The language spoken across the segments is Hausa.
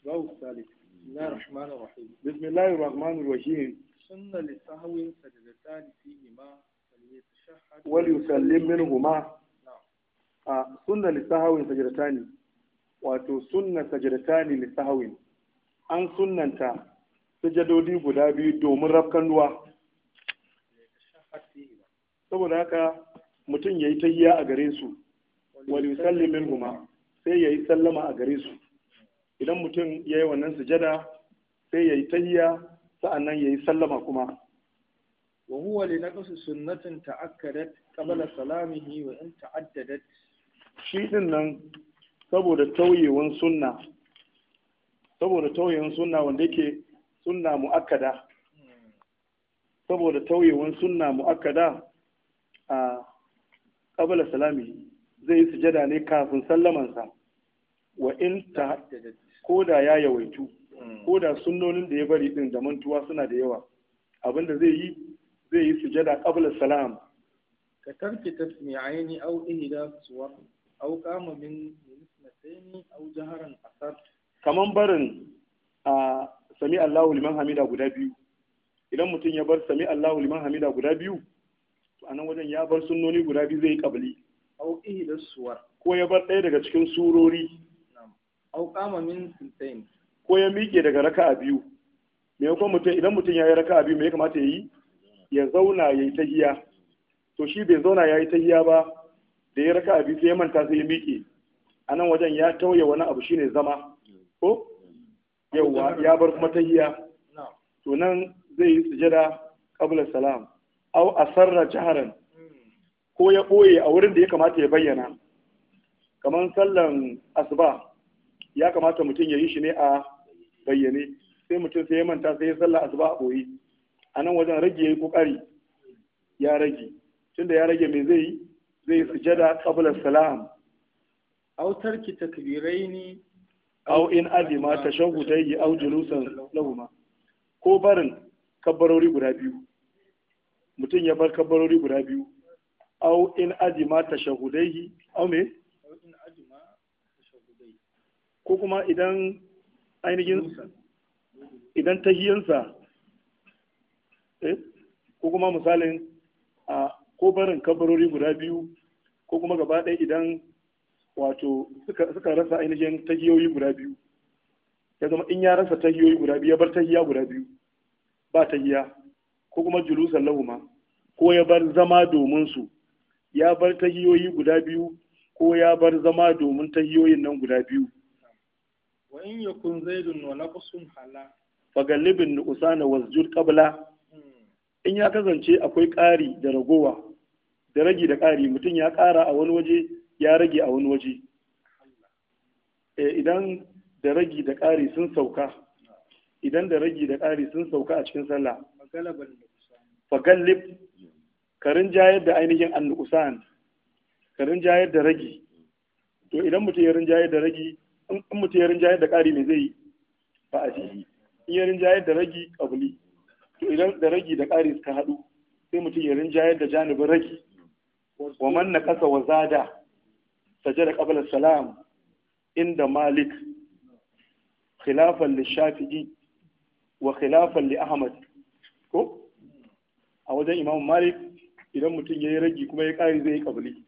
Bismillahi الثالث بسم الله الرحمن الرحيم بسم الله الرحمن الرحيم سنة لسهو سجدتان فيهما وليسلم منهما نعم لسهو سجدتان wato sunna sajdatani li sahawin an sunnanta sajadodi guda biyu domin rafkan ruwa saboda haka mutum ya yi tahiya a gare su wal yusallimin huma sai ya yi sallama a gare su idan mutum ya yi wannan sujada sai ya yi tayya sa'annan ya yi sallama kuma wa huwa li naqsi sunnatin ta'akkadat qabla salamihi wa in ta'addadat shi din nan saboda tauyewan sunna saboda tauyewan sunna wanda yake sunna muakkada saboda tauyewan sunna muakkada a qabla salamihi zai yi sujada ne kafin sallamansa wa in ta'addadat ko da ya yawaitu mm. ko da sunnonin da ya bari din da mantuwa suna da yawa abinda zai yi zai yi sujada qabla salam ka tarki aini aw ihda suwar aw qama min nisnataini aw jaharan asar kaman barin a sami Allahu liman hamida guda biyu idan mutum ya bar sami Allahu liman hamida guda biyu to anan wajen ya bar sunnoni guda biyu zai yi qabli aw ihda suwar ko ya bar ɗaya daga cikin surori au min sultain ko ya miƙe daga raka biyu me mutum idan mutum yayi a biyu me ya kamata yayi ya zauna ya yi tahiya to shi bai zauna ya yayi tahiya ba da ya raka biyu sai ya manta sai ya miƙe a nan wajen ya tauye wani abu shine zama ko yawwa ya bar kuma tahiya to nan zai yi sujada qabla salam au asarra jaharan hmm. ko ya ɓoye a wurin da ya kamata ya bayyana kamar sallan asuba ya kamata mutum ya yi shi ne a bayyane sai mutum sai ya manta sai ya sallah asuba a boye a nan wajen rage yayi kokari ya rage tunda ya rage mai zai yi zai sujada qabla salam aw tarki takbiraini aw in azima tashahhudai aw julusan lahuma ko barin kabbarori guda biyu mutum ya bar kabbarori guda biyu aw in azima tashahhudai aw me ko kuma idan ainihin idan tahiyansa eh, ko kuma misalin a ko barin kabarori guda biyu ko kuma gaba ɗaya idan wato suka rasa ainihin tahiyoyi guda biyu ya zama in ya rasa tahiyoyi guda biyu ya bar tahiya guda biyu ba tahiya ko kuma julusan lahuma ko ya bar zama domin su ya bar tahiyoyi guda biyu ko ya bar zama domin tahiyoyin nan guda biyu wa in زيد ونقص حلا فغلب hala fagallibin nuqsana إن يكون hmm. in ya kasance akwai ƙari da ragowa da ragi da ƙari mutum ya ƙara a wani waje ya rage a wani waje eh, idan da ragi da ƙari sun sauka ah. idan da ragi da ƙari sun sauka a cikin sallah fagallib karin jayar da ainihin karin jayar da ragi to idan mutum ya rinjayar da ragi in mutum ya rinjayar da ƙari ne zai yi ba a ji in ya rinjayar da ragi ƙabuli to idan da ragi da ƙari suka haɗu sai mutum ya rinjayar da janibin ragi wa man na ƙasa wa zada sajada ƙabalar salam inda malik khilafan li shafi'i wa khilafan li ahmad ko a wajen imam malik idan mutum ya yi ragi kuma ya ƙari zai yi ƙabuli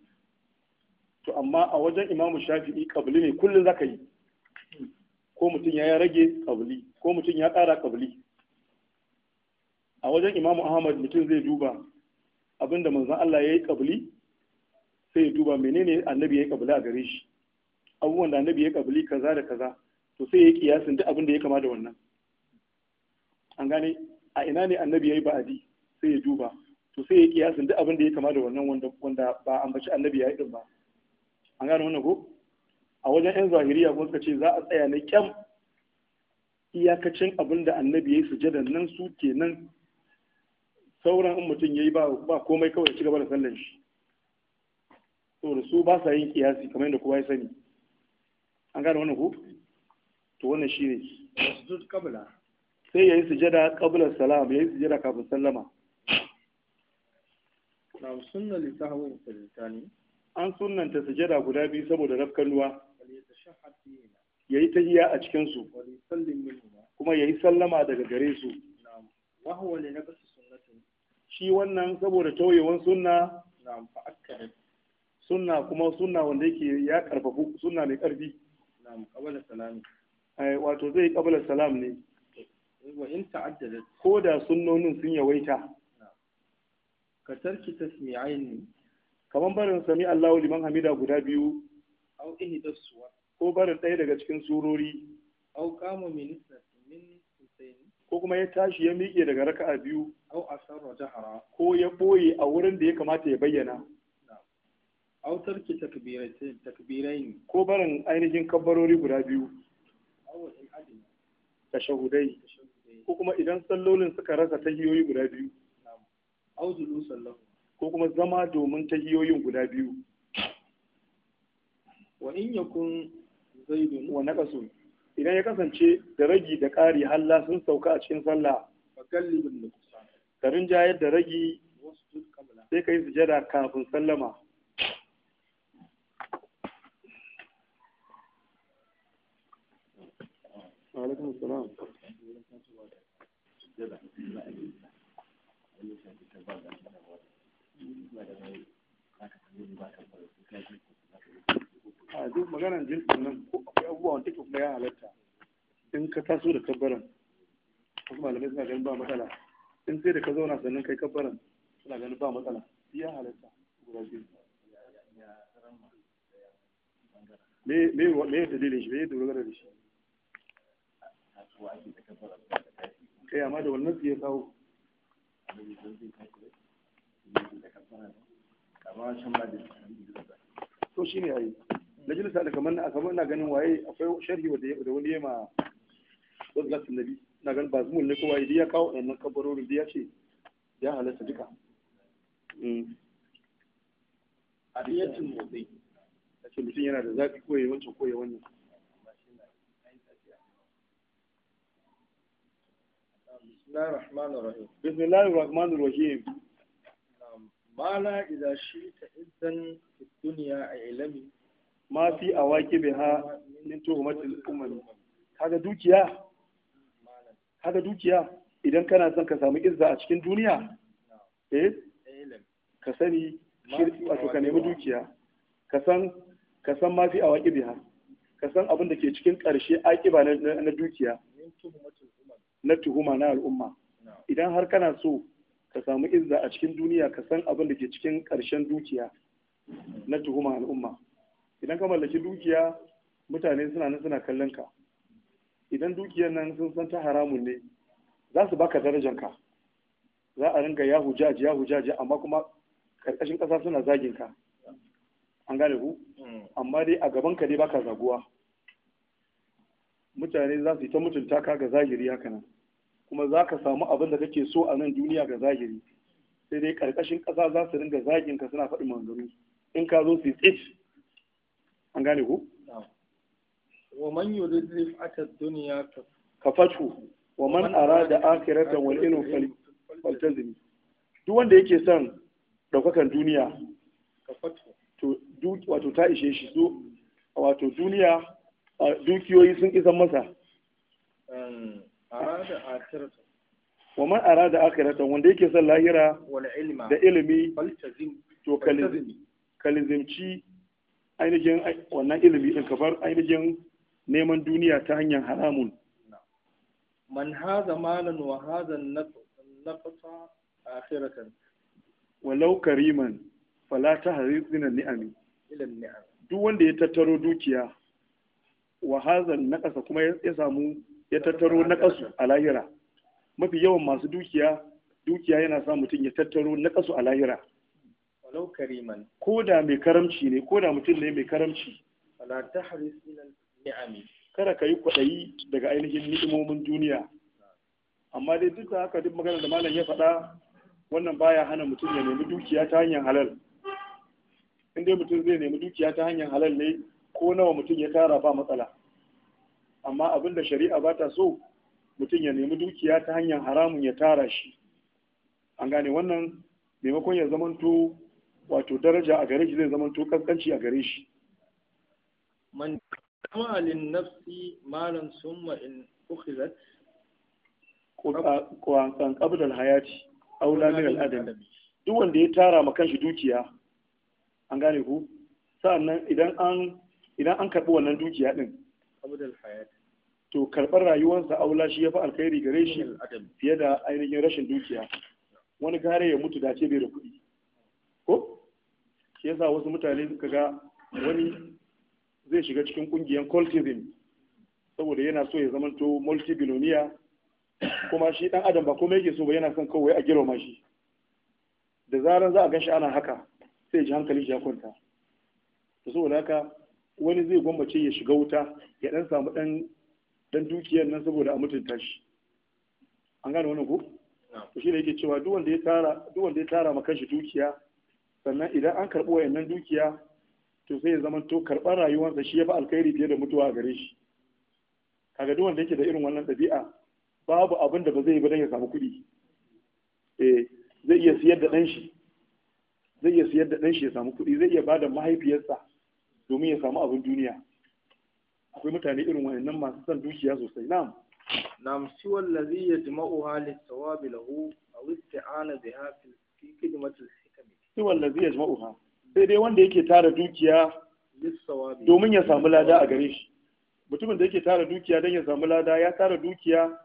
to amma a wajen imamu shafi'i ƙabuli ne kullum zaka yi ko mutum ya rage kabli ko mutum ya ƙara kabli a wajen imamu ahmad mutum zai duba abinda manzan Allah ya yi kabli sai ya duba menene annabi ya yi kabli a gare shi abubuwan da annabi ya yi kabli kaza da kaza to sai ya yi kiyasin duk abin da ya kama da wannan an gane a ina ne annabi ya yi ba'adi sai ya duba to sai ya yi kiyasin duk abin da ya kama da wannan wanda ba ambaci annabi ya yi din ba an gane wannan ko a wajen yan zahiriya kuma suka ce za a tsaya na kyam iyakacin abin da annabi ya yi sujada nan su nan. sauran in mutum ya yi ba komai kawai ci gaba da sallan shi saboda su ba sa yin kiyasi kamar yadda kowa ya sani an gane wannan ku to wannan shi ne sai ya yi sujada kabla salam ya yi sujada kafin sallama Na an sunanta sujada guda biyu saboda rafkan ruwa ya yi iya a cikinsu kuma ya yi sallama daga gare su shi wannan saboda tauyewan sunna sunna kuma sunna wanda yake ya karfafu sunna mai karfi eh, wato zai kabala salam ne ko da sunnonin sun yawaita ka tarki tasmi'ain Kamar barin sami Allahu liman hamida guda biyu ko barin ɗaya daga cikin surori kama minista min min ko kuma ya tashi ya miƙe daga raka'a biyu aw asarra jahara ko ya boye a wurin da ya kamata ya bayyana au tarki takbiratain takbirain ko barin ainihin kabbarori guda biyu aw al tashahudai ko kuma idan sallolin suka rasa tahiyoyi guda biyu au julusan lahu ko kuma zama domin tahiyoyin guda biyu wa in yakun zaidun wa naqasu idan ya kasance da ragi da ƙari halla sun sauka a cikin sallah fakallibin nuqsan karin jayar da ragi sai kai sujada kafin sallama Thank you. a duk maganar jinsin nan ko akwai abubuwa wanda kuma ya halatta in ka taso da kabbaran wasu malamai suna ganin ba matsala in sai da ka zauna sannan kai kabbaran suna ganin ba matsala ya halatta guda biyu me dalilin shi me ya dogara da shi kai amma da wannan su ya kawo shan ba da to shine yayi majalisa da kamar na kamar na ganin waye akwai sharhi wanda ya da wani yema wasu nabi na ganin ba zumun ne kowa ya kawo ɗan nan kabarorin da ya ce ya halatta duka a mm. adiyatin motsi a ce mutum yana da zaɓi koye wancan koye wannan بسم الله الرحمن الرحيم بسم الله الرحمن ما لا إذا شئت إذن fi ma fi a wake bai ha min tuhumatul umami kaga dukiya kaga dukiya idan kana son ka samu a cikin duniya eh ka sani wato ka nemi dukiya ka san ma fi a wake ka san abin da ke cikin ƙarshe na tuhuma na al'umma idan har kana so ka samu izza a cikin duniya ka san abin da ke cikin ƙarshen dukiya na tuhuma al'umma idan ka mallaki dukiya mutane suna nan suna kallon ka idan dukiyar nan sun san ta haramun ne za su baka darajar ka za a ringa ya hujaji ya hujaji amma kuma karkashin ƙasa suna zagin ka an gane ku mm. amma dai a gaban ka dai baka zaguwa mutane za su yi ta mutunta ka ga zahiri haka nan kuma za ka samu abin da kake so a nan duniya ga zahiri sai dai karkashin ƙasa za su ringa zagin ka suna faɗi manzanni in ka zo su tsit an gane ku wa man yurid rifata dunya ka fatu wa man arada akhirata wal ilm fal faltazim duk wanda yake son ɗaukakan duniya wato ta ishe shi so wato duniya dukiyoyi sun isan masa arada akhirata wa man arada akhirata wanda yake son lahira da ilimi to kalimi ka lizimci ainihin wannan ilimi din kamar ainihin neman duniya ta hanyar haramun man haza malan wa haza a akhiratan walau kariman fala hari min ni'ami ila ni'ami. duk wanda ya tattaro dukiya wa haza ƙasa kuma ya samu ya tattaro ƙasu a lahira mafi yawan masu dukiya dukiya yana sa mutum ya tattaro ƙasu a lahira walau kariman ko da mai karamci ne ko da mutum ne mai karamci wala tahris min ni'ami kada ka yi kwaɗayi daga ainihin ni'imomin duniya amma dai duk da haka duk magana da malam ya faɗa wannan baya hana mutum ya nemi dukiya ta hanyar halal in dai mutum zai nemi dukiya ta hanyar halal ne ko nawa mutum ya tara ba matsala amma abin da shari'a ba ta so mutum ya nemi dukiya ta hanyar haramun ya tara shi an gane wannan maimakon ya zamanto wato daraja a gare shi zai zama to kankanci a gare shi man kama nafsi malan summa in ukhizat kan qabla hayati aula min al adam duk wanda ya tara ma kanshi dukiya an gane ku sa'annan idan an idan an karbi wannan dukiya din qabla hayati to karɓar rayuwarsa aula shi ya fi alkhairi gare shi fiye da ainihin rashin dukiya wani gare ya mutu dace bai da kuɗi ko shi yasa wasu mutane suka ga wani zai shiga cikin kungiyar cultism saboda yana so ya zamanto multibiloniya kuma shi dan adam ba komai yake so ba yana son kawai a ma shi da zaran za a ganshi ana haka sai ji hankali ya kwanta to saboda haka wani zai gwammace ya shiga wuta ya dan samu dan dan dukiyar nan saboda a mutunta shi an gane wannan ko to shi ne yake cewa duk wanda ya tara duk wanda ya tara ma kanshi dukiya sannan idan an karɓi wayannan dukiya to sai ya zama to karɓar rayuwarsa shi ya fi alkhairi fiye da mutuwa a gare shi kaga duk wanda yake da irin wannan ɗabi'a babu abin da ba zai yi ba don ya samu kuɗi eh zai iya siyar da ɗan shi zai iya siyar da ɗan shi ya samu kuɗi zai iya ba da mahaifiyarsa domin ya samu abin duniya akwai mutane irin wayannan masu son dukiya sosai na'am na'am siwal ladhi yajma'uha lis-sawabi lahu aw isti'ana biha fi khidmatil sai wallazi ya sai dai wanda yake tara dukiya domin ya samu lada a gare shi mutumin da yake tara dukiya don ya samu lada ya tara dukiya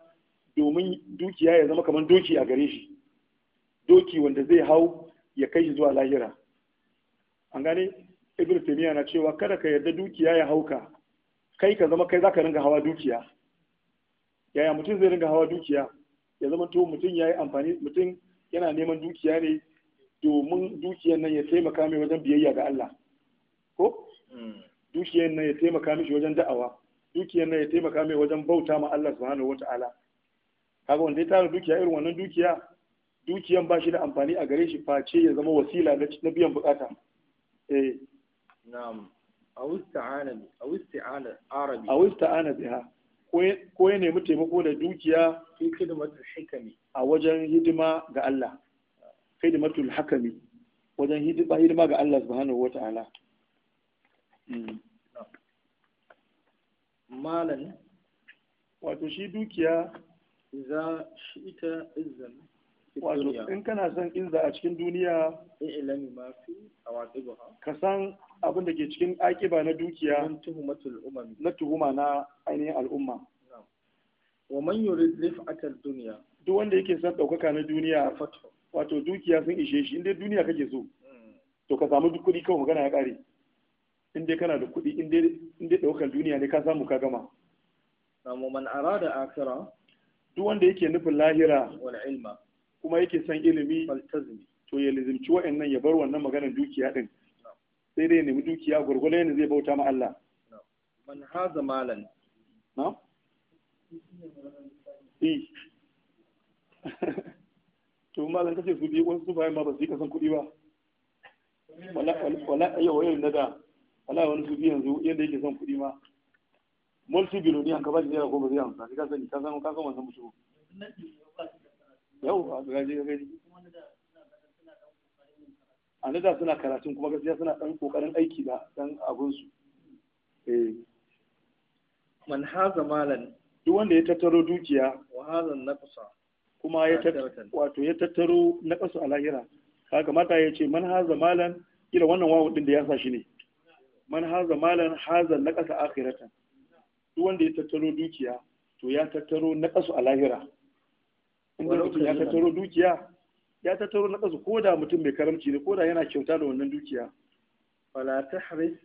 domin dukiya ya zama kamar doki a gare shi doki wanda zai hau ya kai shi zuwa lahira an gane ibn taymiya na cewa kada ka yarda dukiya ya hauka kai ka zama kai zaka ringa hawa dukiya yaya mutum zai ringa hawa dukiya ya zama to mutum yayi amfani mutum yana neman dukiya ne domin dukiyar nan ya taimaka mai wajen biyayya ga Allah ko hmm. dukiyar nan ya taimaka mishi wajen da'awa dukiyar nan ya taimaka mai wajen bauta ma Allah subhanahu wata'ala kaga wanda ya tara dukiya irin wannan dukiya dukiyan ba shi da amfani a gare shi face ya zama wasila na biyan bukata eh na'am awista'ana biha ko ya nemi taimako da dukiya a wajen hidima ga Allah kai da khidmatul hakami wajen hidima hidima ga Allah subhanahu wata'ala hmm. malan wato shi dukiya za shi ita izzan wato in kana son izza a cikin duniya in ilami ma fi awatibuha ka san abin da ke cikin aqiba na dukiya na tuhuma na ainihin al'umma wa man yurid rif'atal dunya duk wanda yake son daukaka na duniya fatu wato dukiya sun ishe shi inda duniya kake so to ka samu duk kuɗi kawai magana ya ƙare in dai kana da kuɗi in dai ɗaukar duniya ne ka samu ka gama samu man arada akira duk wanda yake nufin lahira wani ilma kuma yake son ilimi to ya lizimci wa'annan ya bar wannan maganar dukiya din sai dai ya nemi dukiya gurgurdan yadda zai bauta ma Allah man haza malan na to malam kace su biyu wasu bayan ma ba su yi kasan kuɗi ba wala ayo wayo na da wala wani su biyu yanzu yadda yake son kuɗi ma multi biloniyan ka ba shi naira goma zai amsa ka sani ka san ka san wannan mutum yau a gaji ga gaji a da suna karatun kuma gaskiya suna ɗan kokarin aiki da ɗan abinsu eh. man haza malan duk wanda ya tattaro dukiya wa hazan naqsa kuma ya wato ya tattaro na kasu a lahira ka kamata ya ce man haza malan ila wannan wawo din da ya sa shi ne man haza malan haza na kasa akhiratan duk wanda ya tattaro dukiya to ya tattaro na kasu a lahira inda mutum ya tattaro dukiya ya tattaro na kasu koda mutum mai karamci ne koda yana kyauta da wannan dukiya wala tahris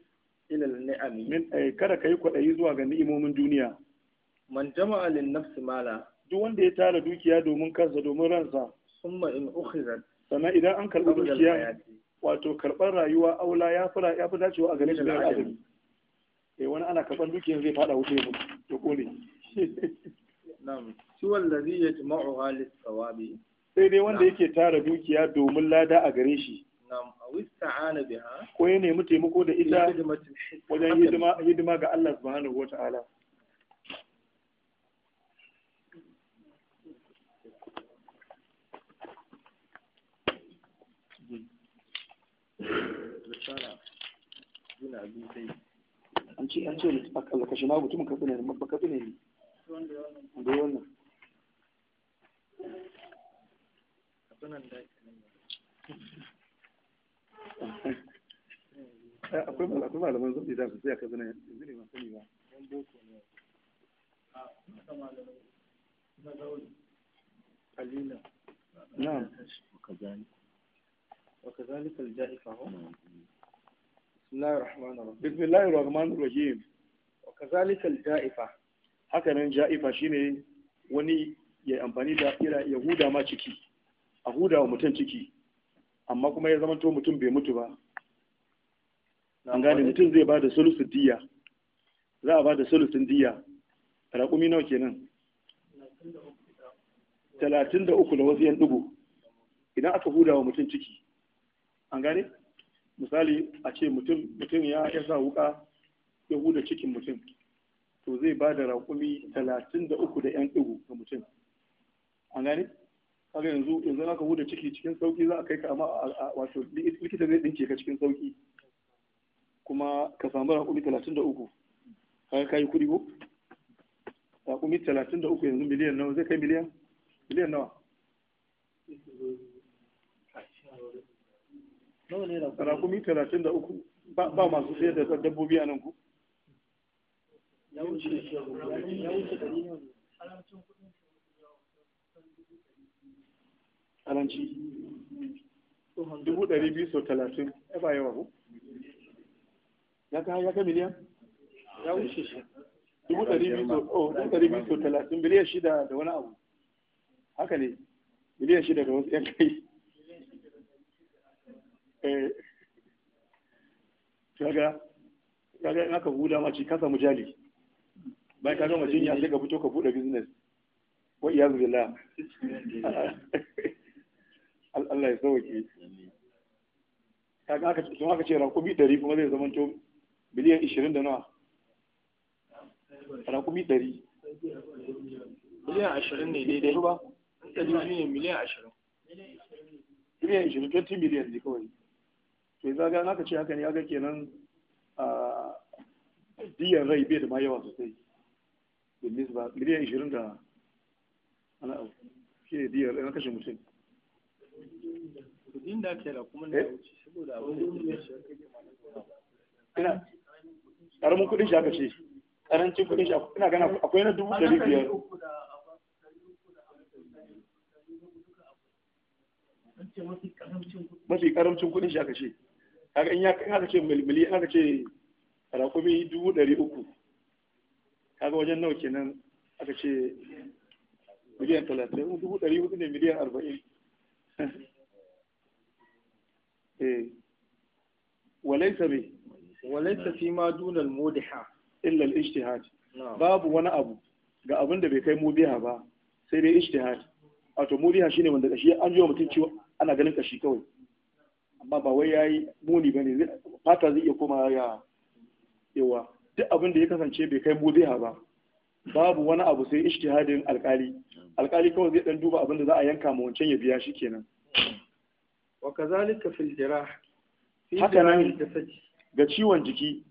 ila al-ni'am min eh, kada kai kwadayi zuwa ga ni'imomin duniya man jama'a lin nafsi mala duk wanda ya tara dukiya domin kansa domin ransa summa in ukhizat sannan idan an karɓi dukiya wato karɓar rayuwa aula ya fara ya fi dacewa a gare shi da azumi eh wani ana karɓar dukiyar zai fada wuce mu to kone na'am shi wallazi yajma'uha lis-sawabi sai dai wanda yake tara dukiya domin lada a gare shi ko ya nemi taimako da ita wajen hidima ga Allah subhanahu wata'ala an ce an ce ne ba ne da eh, wannan akwai malaman su sai a yanzu ne masu ba Bismillahir Rahmanir Rahim. A kazalika al-ja'ifa. Haka nan wani ya amfani da ya huda ciki. A mutum ciki. Amma kuma ya zama to mutum bai mutu ba. An gane mutum zai ba da a ba da sulusun diya. Talatin da uku da wasu yan Idan aka huda mutum ciki. An gane? misali a ce mutum ya sa wuka ya huda cikin mutum to zai ba da raƙumi talatin da uku da yan ɗigo ga mutum an gane kaga yanzu yanzu ka huda ciki cikin sauki za a kai ka amma wato likita zai ɗinke ka cikin sauki kuma ka samu raƙumi talatin da uku kaga kayi kuɗi ko raƙumi talatin da uku yanzu miliyan nawa zai kai miliyan miliyan nawa rakumi talatin da uku ba masu sayar da dabbobi a nan ku ya wuce karanci dubu ɗari biyu sau talatin ya ba yawa ku ya ka ya ka miliyan ya wuce shi dubu ɗari biyu sau oh, talatin biliyan shida da wani abu haka ne biliyan shida da wasu yan kai kaga kaga in aka huda ma ci ka samu bayan ka gama jinya sai ka fito ka buɗe business wa iyazu billah Allah ya sauke kaga aka kuma aka ce rakumi 100 kuma zai zama to miliyan 20 da nawa rakumi 100 miliyan 20 ne daidai ba miliyan 20 miliyan 20 20 miliyan ne kawai to zaga na aka ce haka ne ga kenan a diyan rai bai da ma yawa sosai domin ba miliyan ishirin da ana abu shi ne diyan rai na kashe mutum kudin da ake da kuma na eh? wuce saboda da ina karamin kudin shi aka ce karancin kudin shi ina gana akwai na dubu dari biyar mafi karamcin kudin shi aka ce kaga in ya kan aka ce milmili aka ce rakumi dubu ɗari uku kaga wajen nawa kenan aka ce miliyan talatin dubu ɗari hudu ne miliyan arba'in eh. walaisa me walaisa fi ma dunal mudiha illa al-ijtihad babu wani abu ga abin da bai kai mudiha ba sai dai ijtihad wato mudiha shine wanda kashi an yi wa mutum ciwo ana ganin kashi kawai amma ba wai yayi muni bane fata zai iya koma ya yawa duk abin da ya kasance bai kai ha ba babu wani abu sai ishtihadin alkali alkali kawai zai dan duba abin da za a yanka ma wancan ya biya shi kenan wa kazalika fil jirah haka nan ga ciwon jiki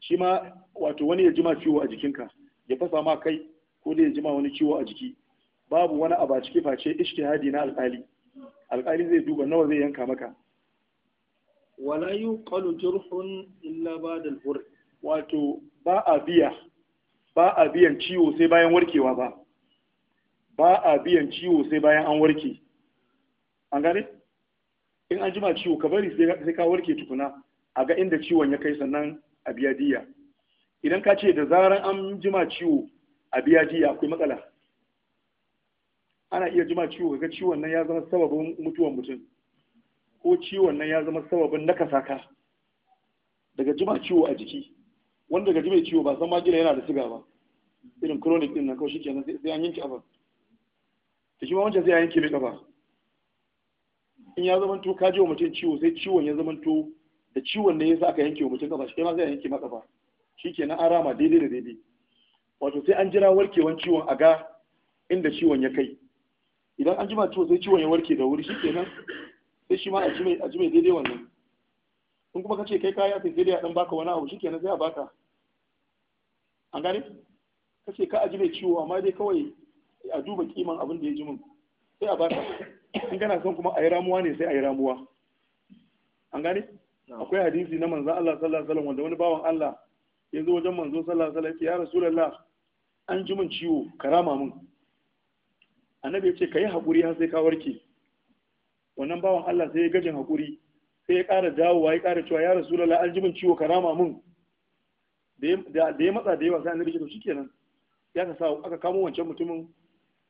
shi ma wato wani ya jima ciwo a jikinka ya fasa ma kai ko dai ya jima wani ciwo a jiki babu wani abu a ciki face ishtihadi na alkali alkali zai duba nawa zai yanka maka wala yuqalu jirhun illa ba da hur wato ba a biya ba a biyan ciwo sai bayan warkewa ba ba a biyan ciwo sai bayan an warke an gane in an jima ciwo ka bari sai ka warke tukuna a ga inda ciwon ya kai sannan a biya diya idan ka ce da zarar an jima ciwo a biya diya akwai matsala ana iya jima ciwo kaga ciwon nan ya zama sababin mutuwan mutum ko ciwon nan ya zama sababin nakasa ka daga jima ciwo a jiki wanda daga jima ciwo ba san ma gina yana da siga ba irin chronic din nan kawai shikenan sai an yanke abin Da shi ma wancan sai an yanke mai kafa in ya zama to ka ji wa mutum ciwo sai ciwon ya zama to da ciwon ne yasa aka yanke wa mutum kafa shi ma sai a yanke maka ba. Shi ke an rama daidai da daidai wato sai an jira warkewan ciwon a ga inda ciwon ya kai idan an jima ciwo sai ciwon ya warke da wuri shi nan. sai shi ma a ji mai daidai wannan in kuma ka ce kai kaya sai daidai a dan baka wani abu shikenan sai a baka an gane ka ce ka aji mai ciwo amma dai kawai a duba kiman abin da ya ji min sai a baka in kana son kuma a yi ramuwa ne sai a yi ramuwa an gane akwai hadisi na manzon Allah sallallahu alaihi wasallam wanda wani bawan Allah ya zo wajen manzo sallallahu alaihi wasallam ya rasulullah an ji min ciwo karama min annabi ya ce ka yi haƙuri har sai ka warke wannan bawan Allah sai ya gajin hakuri sai ya ƙara dawowa ya ƙara cewa ya rasulullah an jibin ciwo karama mun da ya matsa da yawa sai an rike to shikenan ya ka sa aka kamo wancan mutumin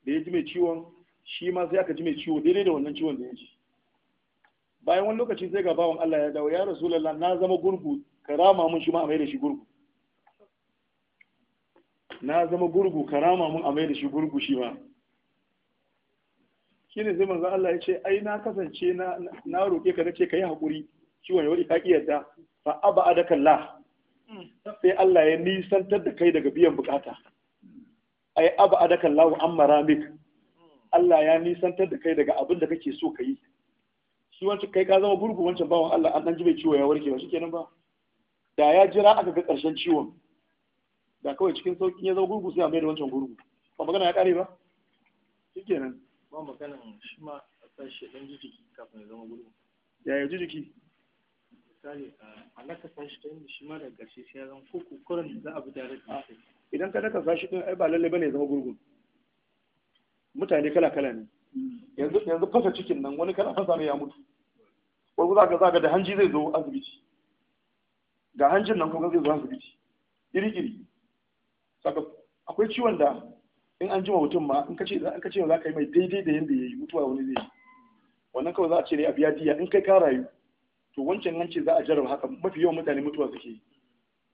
da ya ji mai ciwon shi ma sai aka ji mai ciwo daidai da wannan ciwon da ya ji bayan wani lokaci sai ga bawan Allah ya dawo ya rasulullah na zama gurgu karama mun shi ma a mai da shi gurgu na zama gurgu karama mun a mai da shi gurgu shi ma shine sai manzo Allah ya ce ai na kasance na na roke ka nace kai hakuri ciwon yau ka kiyarda fa aba Allah sai Allah ya nisantar da kai daga biyan bukata ai aba adakallah wa amma ramik Allah ya nisantar da kai daga abin da kake so ka yi shi wancan kai ka zama gurgu wancan bawan Allah an dan ji mai ciwo ya warke ba shikenan ba da ya jira aka ga karshen ciwon da kawai cikin sauƙin ya zama gurgu sai a mai da wancan gurgu ba magana ya kare ba shikenan ba maganan shi ma a sashi dan jijiki kafin ya zama gurgu yaya jijiki misali a naka sashi ta yadda shi ma daga ƙarshe sai ya zama ko kukurin za a bi tare da idan ka naka sashi din ai ba lalle bane ya zama gurgun. mutane kala kala ne yanzu yanzu fasa cikin nan wani kana fasa ne ya mutu wani za ka za da hanji zai zo asibiti ga hanjin nan kuma zai zo asibiti iri iri saka akwai ciwon da in an jima mutum ma in ka ce in ka ce za ka yi mai daidai da yanda yayi mutuwa wani zai yi wannan kawai za a ce ne a biya diya in kai ka rayu to wancan an ce za a jarraba haka mafi yawan mutane mutuwa suke yi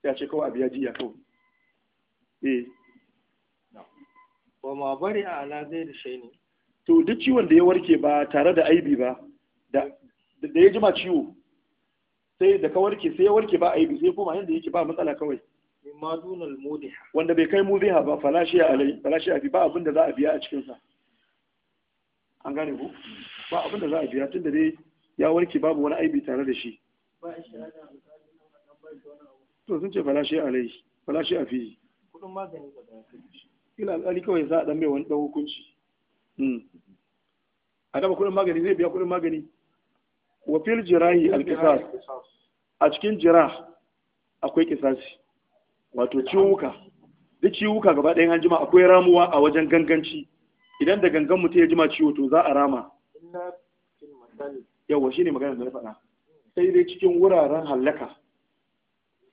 sai a ce kawai a biya diya kawai eh wa ma bari a ala zai da ne. to duk ciwon da ya warke ba tare da aibi ba da da ya jima ciwo sai da ka warke sai ya warke ba aibi sai koma yanda yake ba matsala kawai mimma dunal mudiha wanda bai kai mudiha ba falashiya alai falashiya abi ba abinda za a biya a cikin sa an gane ku ba abinda za a biya tunda dai ya warke babu wani aibi tare da shi to sun ce falashiya alai falashiya fi kudin magani ba da kila alƙali kawai za a dan mai wani dan hukunci hmm. a daba kudin magani zai biya kudin magani wa fil jirahi al a cikin jirah akwai kisasi wato ciwuka duk ciwuka gaba ɗayan an jima akwai ramuwa a wajen ganganci idan da gangan mutum ya jima ciwo to za a rama yawa shi ne magana da na faɗa sai dai cikin wuraren hallaka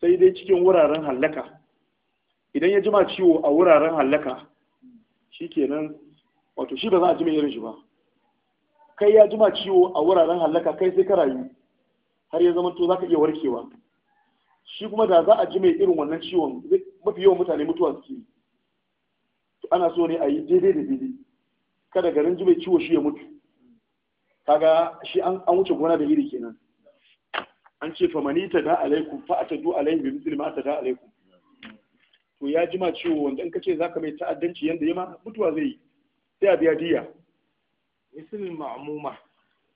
sai dai cikin wuraren hallaka idan ya jima ciwo a wuraren hallaka shi kenan wato shi ba za a jima irin shi ba kai ya jima ciwo a wuraren hallaka kai sai ka rayu har ya zama to za ka iya warkewa shi kuma da za a ji mai irin wannan ciwon mafi yawan mutane mutuwa suke To ana so ne a yi daidai da daidai kada garin ji mai ciwo shi ya mutu kaga shi an wuce gona da iri kenan an ce fa mani ta da alaikum fa atadu alaihim bi mithli ma da alaikum to ya ji ma ciwo wanda in kace zaka mai ta'addanci yanda ma mutuwa zai yi sai a biya diya misalin ma'amuma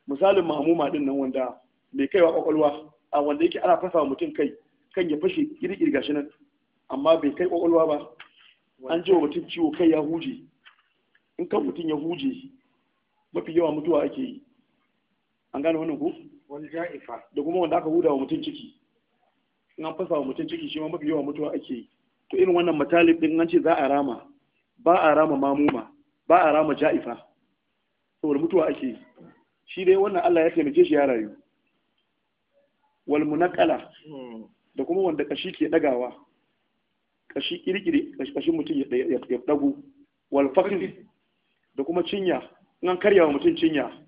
misalin ma'amuma din nan wanda mai kaiwa kwakwalwa a wanda yake ana fasa mutum kai kan ya fashe kirkir gashi nan amma bai kai kwakwalwa ba an ji wa mutum ciwo kai ya huje in kan mutum ya huje mafi yawa mutuwa ake yi an gane wannan ko da kuma wanda aka huda wa mutum ciki in an fasa wa mutum ciki shi ma mafi yawa mutuwa ake yi to irin wannan matalib din an ce za a rama ba a rama mamuma ba a rama ja'ifa saboda mutuwa ake yi shi dai wannan Allah ya taimake shi ya rayu wal munakala hmm. da kuma wanda kashi ke dagawa kashi kirkire kashi mutum ya dago wal da kuma cinya nan an karya wa mutum cinya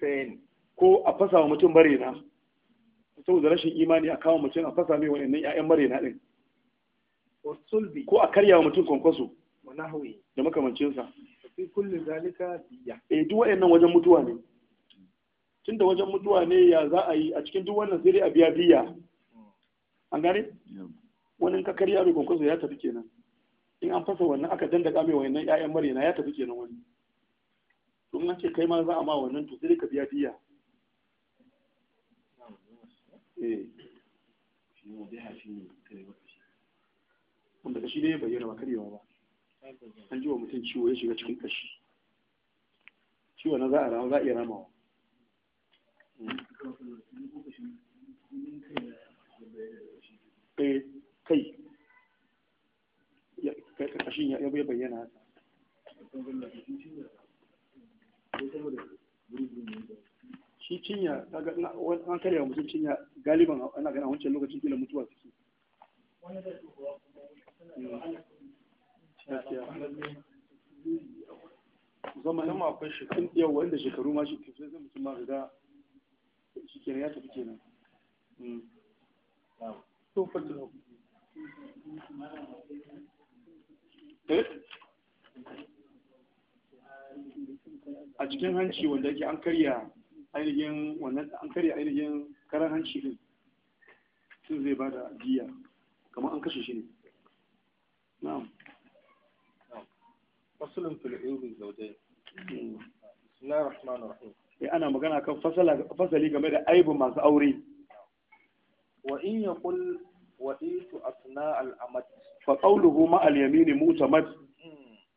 sayin ko a fasa wa mutum barena saboda rashin imani a kawo mutum a fasa mai ƴaƴan 'ya'yan na din ko a karya wa mutum kwankwaso da makamancinsa fi kulli zalika eh duk wayannan wajen mutuwa ne tunda wajen mutuwa ne ya za a yi a cikin duk wannan sai dai a biya biya an gane wani ka karya mai kwankwaso ya tafi kenan in an fasa wannan aka dandaka mai wannan ƴaƴan maryana ya tafi kenan wani to in ce kai ma za a ma wannan to sai ka biya diya eh. wanda kashi ne ya bayyana ba karyewa ba an ji wa mutum ciwo ya shiga cikin kashi ciwo na za a rama za a iya ramawa Thank hmm. you. sai kai kashin ya bai bayyana haka shi cinya an mutum cinya galiban ana gana wancan lokacin mutuwa zama yamma akwai yau wanda shekaru ma shi zai mutum ma ga shi kenan ya tafi kenan hmm. tufatul a cikin hanci wanda yake an karya ainihin wannan an karya ainihin karan hanci din sun zai ba da jiya kamar an kashe shi ne na'am fasalin fil'ilmin zaujai hmm. bismillahir rahmanir rahim eh ana magana kan fasali game da aibin masu aure wa in yaqul wa itu asna al amad fa qawluhu ma al yamin mutamad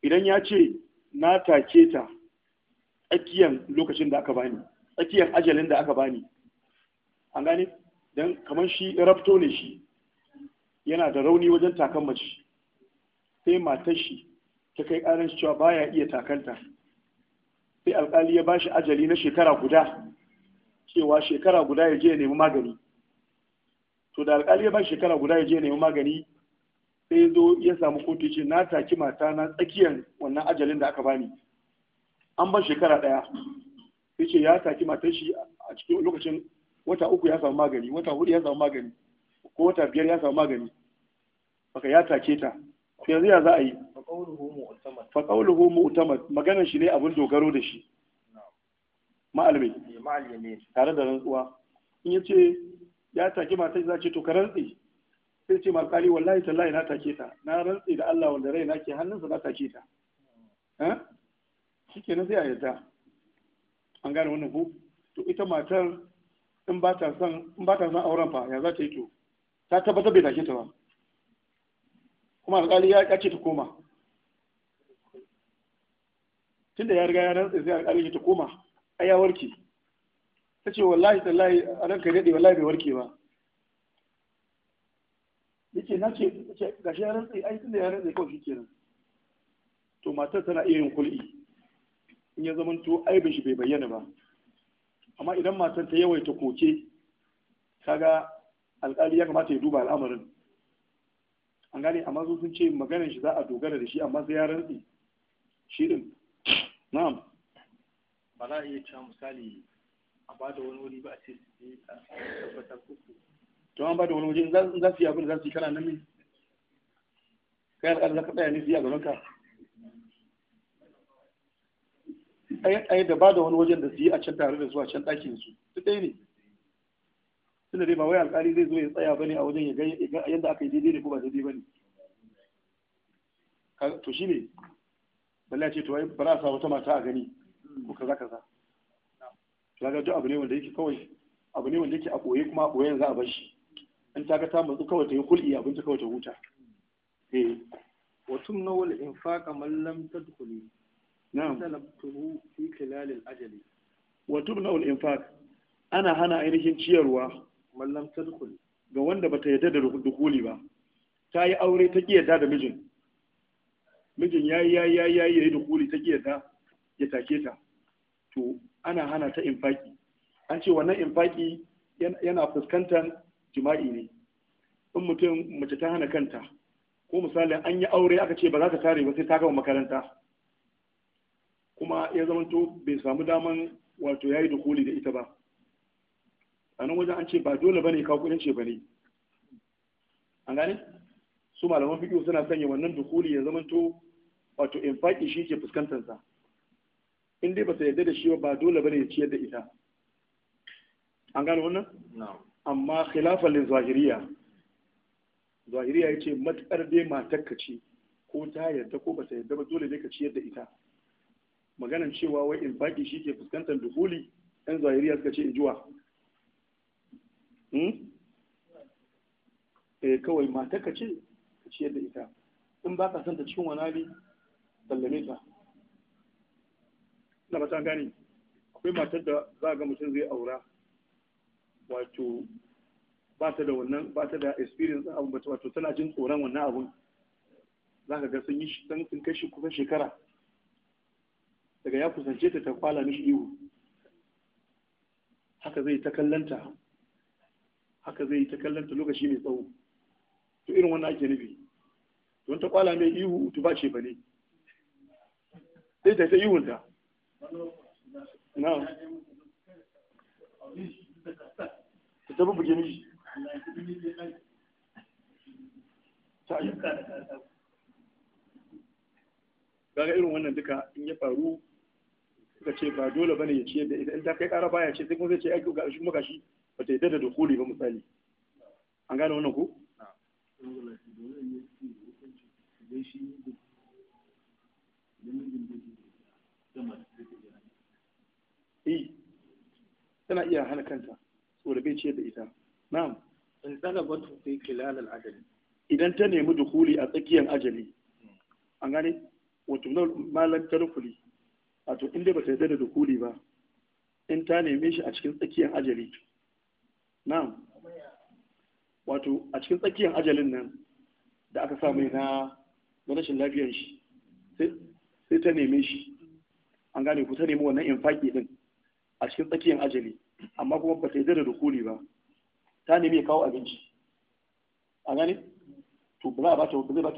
idan ya ce na take ta tsakiyan lokacin da aka bani tsakiyan ajalin da aka bani an gane dan kamar shi rafto ne shi yana da rauni wajen takan mace sai matar shi ta kai karan cewa baya iya takanta sai alkali ya bashi ajali na shekara guda cewa shekara guda ya je ya nemi magani to da alƙali ya ba shekara guda ya je nemi magani sai ya zo ya samu kotu ce na taki mata na tsakiyar wannan ajalin da aka bani an ba shekara ɗaya sai ce ya taki matar shi a cikin lokacin wata uku ya samu magani wata hudu ya samu magani ko wata biyar ya samu magani baka ya take ta to yanzu ya za a yi fa qawluhu mu'tamad maganar shi ne abin dogaro da shi ma'almi tare da rantsuwa in yace ya take mata za ce to ka rantsi sai ce malkali wallahi tallahi na take ta na rantsi da Allah wanda rai na ke hannunsa na take ta ha shikenan sai a yarda an gane wannan ku to ita matar in ba ta son in ba ta son auren fa ya za ta yi to ta tabbatar bai take ta ba kuma alƙali ya ce ta koma tunda ya riga ya rantsi sai alƙali ya ta koma ai ya warke ta ce wallahi tallahi a ranka daɗe wallahi bai warke ba ce na ce gashi ya rantsa ai tunda ya rantsa kawai kenan. to matar tana iya yin kul'i in ya zama to bai shi bai bayyana ba amma idan matar ta yawaita koke kaga alƙali ya kamata ya duba al'amarin an gane amma zo sun ce maganar shi za a dogara da shi amma sai yaran rantsi shi din na'am ba za iya cewa misali a ba da wani wuri ba a ce su je a tabbatar kuku to an ba da wani wuri in za su yi abin da za su yi kana nan ne kai alƙalin za ka tsaya ne su yi a gaban ka ai da ba da wani wajen da su yi a can tare da su a can ɗakin su duk ɗaya ne tunda dai ba wai alƙali zai zo ya tsaya ba ne a wajen ya ga yadda aka yi daidai ne ko ba daidai ba ne to shi ne bala ce to ai ba za a sa wata mata a gani ko kaza kaza ya ga duk abu ne wanda yake kawai abu ne wanda yake a ɓoye kuma a ɓoye za a bar shi in ta ga ta matsu kawai ta yi kul'i abinci kawai ta huta eh wa tumna wal infaqa man lam tadkhul na'am talabtuhu fi khilal al ajali wa tumna wal infaq ana hana ainihin ciyarwa man lam tadkhul ga wanda bata yarda da dukuli ba ta yi aure ta yarda da mijin mijin yayi yayi yayi yayi dukuli ta yarda ya take ta to ana hana ta infaki an ce wannan infaki yana fuskantar jima'i ne in mutum mace ta hana kanta ko misalin an yi aure aka ce ba za ta tare ba sai ta gama makaranta kuma ya to bai samu daman wato ya da koli da ita ba a nan wajen an ce ba dole ba ne kawo kudin ce ba ne. an gane su malaman fiƙo suna sanya wannan dukuli ya to wato infaki shi ke fuskantarsa. in dai ba ta yarda da shi ba dole bane ya ciyar da ita an gano wannan amma khilafan lin zahiriya zahiriya yace matakar dai ka ce ko ta yarda ko ba ta yarda ba dole dai ka ciyar da ita maganan cewa wai infaki shi ke fuskantar duhuli yan zahiriya suka ce injuwa hmm? eh kawai ka ce ka ciyar da ita in ba ka santa cikin wani hali sallame ta na ba gane akwai matar da za ga mutum zai aura wato ba ta da wannan ba ta da experience abun ba wato tana jin tsoron wannan abun za ka ga sun yi sun kai shi kusan shekara daga ya kusance ta ta kwala mishi ihu haka zai ta kallanta haka zai ta kallanta lokaci mai tsawo to irin wannan ake nufi don ta kwala mai ihu to ba ce bane sai ta ta ihunta na'am ta tabi buge gaga irin wannan duka in ya faru suka ce ba dole bane ya ce da idan ta kai ƙara baya ce sai kuma zai ce aiki ga shi kuma gashi ba ta yadda da kuli ba misali an gane wannan ko Eh, tana iya hana kanta saboda bai ce da ita na'am in talabatu fi khilal ajali idan ta nemi dukuli a tsakiyar ajali an gane wato na malam tarkuli to inda ba ta yarda da dukuli ba in ta neme shi a cikin tsakiyar ajali na'am wato a cikin tsakiyar ajalin nan da aka samu mai na rashin lafiyar shi sai ta neme shi an gane ku ta nemi wannan infaki din a cikin tsakiyar ajali amma kuma ba ta yarda da dukuli ba ta nemi ya kawo abinci a gani to ba za a bata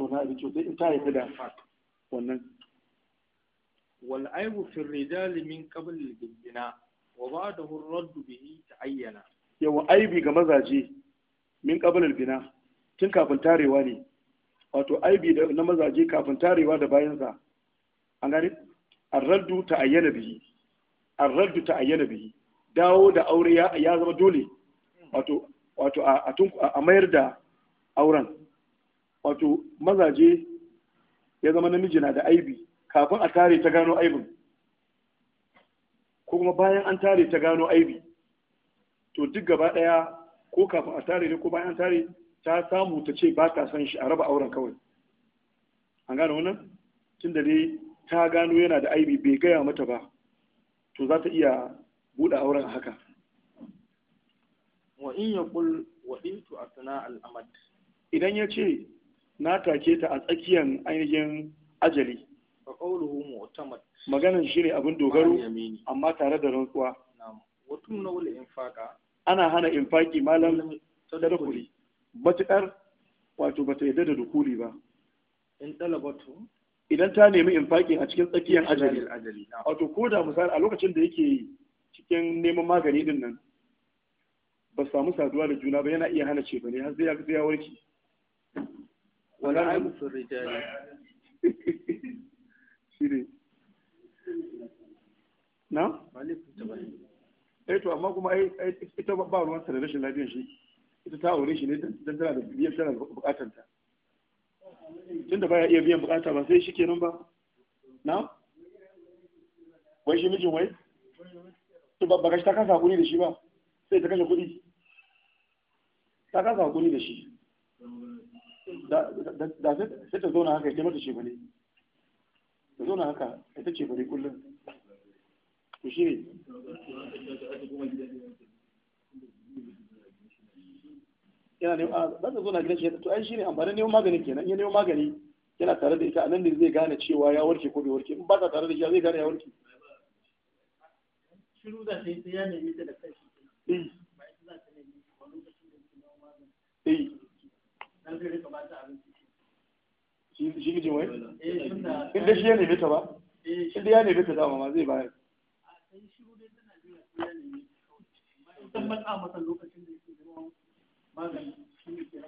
ba abinci sai in ta yarda da wannan wal aibu fi rijal min qabl al bina wa da ar-radd ta ayyana yawan aibi ga mazaje min qabl al tun kafin tarewa ne wato aibi na mazaje kafin tarewa da bayansa an gani ar-raddu ayyana biyu arraddu ta ayyana bihi dawo da aure ya zama dole wato wato a mayar da auren wato mazaje ya zama namiji na da aibi kafin a tare ta gano aibin ko kuma bayan an tare ta gano aibi to duk gaba daya ko kafin a tare ne ko bayan an tare ta samu ta ce ba ta san shi a raba auren kawai an gano wannan tun da dai ta gano yana da aibi bai gaya mata ba to za ta iya buɗe auren haka wa in ya kul wa intu asna al'amad idan ya ce na take ta a tsakiyar ainihin ajali fa qawluhu mu'tamad maganan shi ne abin dogaro amma tare da rantsuwa na'am wa tumna wal infaqa ana hana infaki malam tadakuli matukar wato bata yadda da dukuli ba in dalabatu idan ta nemi infaki a cikin tsakiyar ajali wato ko da misali a lokacin da yake cikin neman magani din nan ba samu saduwa da juna ba yana iya hana ce ne har zai ya warke wala aibusun rijali shine na eh to amma kuma ai ita ba ruwan sa rashin lafiyar shi ita ta aure shi ne dan tana da biyar tana bukatar ta tunda baya iya biyan bukata ba sai shi nan ba na wai shi mijin wai to ba shi ta kasa hakuri da shi ba sai ta kashe kuɗi ta kasa hakuri da shi da sai ta zauna haka ya mata ce bane ta zauna haka ta ce bane kullum to shi ne yana neman za ta zo na gidan shi to ai shine amfanin neman magani kenan in neman magani yana tare da ita nan ne zai gane cewa ya warke ko bai warke in ba ta tare da shi zai gane ya warke shiru da sai ya nemi ta da kai kanshi eh dan eh. zai rika ba ta abinci shi gijin wai? inda eh, shi ya nemi ta ba eh, inda ya nemi ta dama ma zai bayar a shiru dai tana da kai kawai. lokacin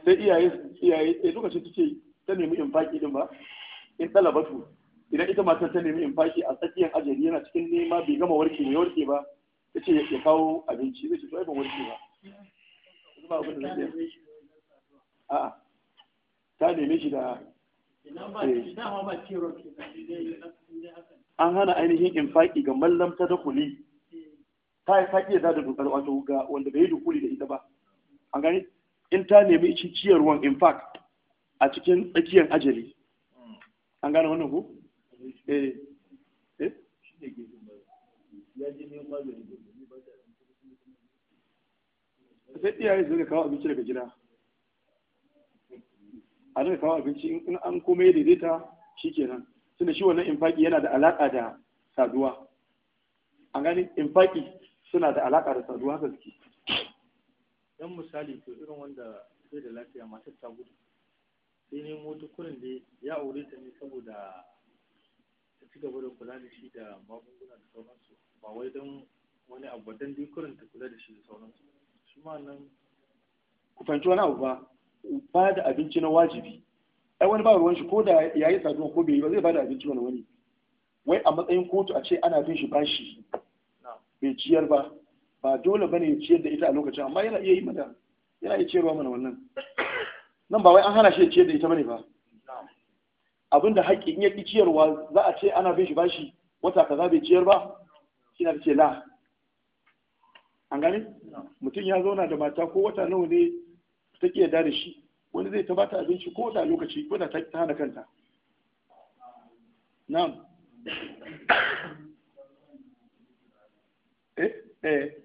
sai iyaye iyaye a eh, lokacin take ta nemi infaki din ba in talabatu idan ita matar ta nemi infaki a tsakiyar ajali yana cikin nema bai gama warke bai warke ba ta ce ya kawo abinci zai ce to ai warke ba ba abin da zai ta neme shi da eh, an hana ainihin infaki ga mallam ta dakuli ta yi ta iya da dukkan wato ga wanda bai yi dukuli da ita ba an gani in ta nemi ciyarwan in fact a cikin tsakiyar ajali an gane wannan ku? eh eh sai iyaye su kawo abinci daga gida a daga kawo abinci in an komai daidaita shi kenan tunda shi wannan infaki yana da alaƙa da saduwa an gani? infaki suna da alaƙa da saduwa ga suke dan misali to irin wanda sai da lafiya matar ta gudu sai ne mota kurin da ya aure ta ne saboda ta ci gaba da kula da shi da magunguna da sauransu ba wai don wani abu dan dai kurin ta kula da shi da sauransu shi ma nan ku fahimci wani abu ba ba da abinci na wajibi ai wani ba ruwan shi ko da yayi saduwa ko bai yi ba zai ba da abinci wani wani wai a matsayin kotu a ce ana bin shi bashi bai ciyar ba ba dole bane ya ciyar da ita a lokacin amma yana iya yi mana yana iya ciyarwa mana wannan nan ba wai an hana shi ya ciyar da ita bane ba abinda haƙƙi in ya ƙi ciyarwa za a ce ana bin shi bashi wata kaza bai ciyar ba shi na ce la an gane mutum ya zauna da mata ko wata nawa ne ta ƙi yarda da shi wani zai ta bata abinci ko da lokaci ko da ta hana kanta na'am eh eh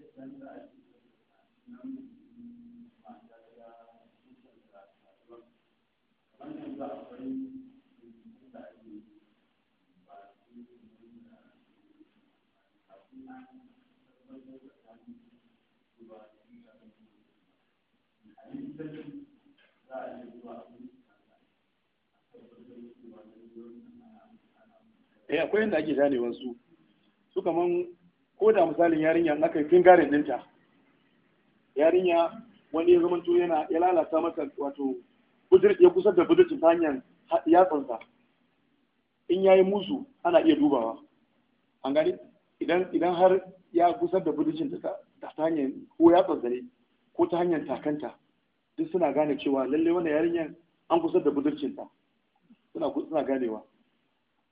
akwai eh, yadda ake gane wasu su kaman ko da misalin yarinya aka yi fingarin ɗinta yarinya wani ya zama yana ya lalata mata wato ya kusan da budurcin ta hanyar yatsansa in ya yi musu ana iya dubawa an gani idan har ya kusan da budurcin ta hanyar ko yatsansa ne ko ta hanyar takanta duk suna gane cewa lalle wani yarinyar an kusan da budurcin ta suna suna ganewa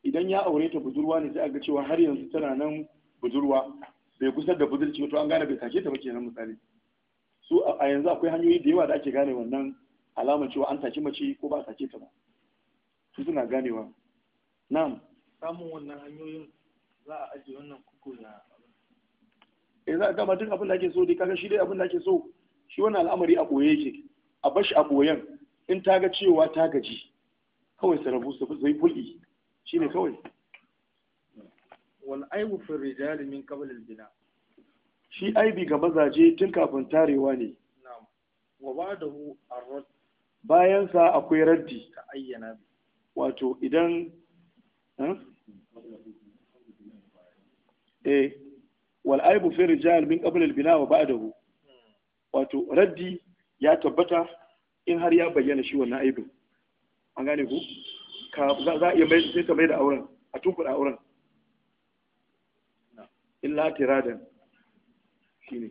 idan ya aure ta budurwa ne sai a ga cewa har yanzu tana nan budurwa bai kusan da budurci to an gane bai tashe ta ba kenan misali su a yanzu akwai hanyoyi da yawa da ake gane wannan alamar cewa an tashi mace ko ba a sace ta ba su suna ganewa Nam, samun wannan hanyoyin za a ajiye wannan kuku na. abin eh, za a gama duk abin da ake so dai kaga shi dai abin da ake so shi wannan al'amari a boye yake a bar shi a boyen in ta ga cewa ta gaji kawai su rabu su yi fulki shi ne kawai wal aibu fi rijali min qabl al bina shi aibi ga mazaje tun kafin tarewa ne na'am wa hu ar rot. bayan sa akwai raddi ayyana wato idan eh? eh wal aibu fi rijal min qabl al bina wa ba'dahu wato raddi ya tabbata in har ya bayyana shi wannan aibin an gane ku ka za a iya mai sai ka mai da auren a tukun auren illa tiradan shine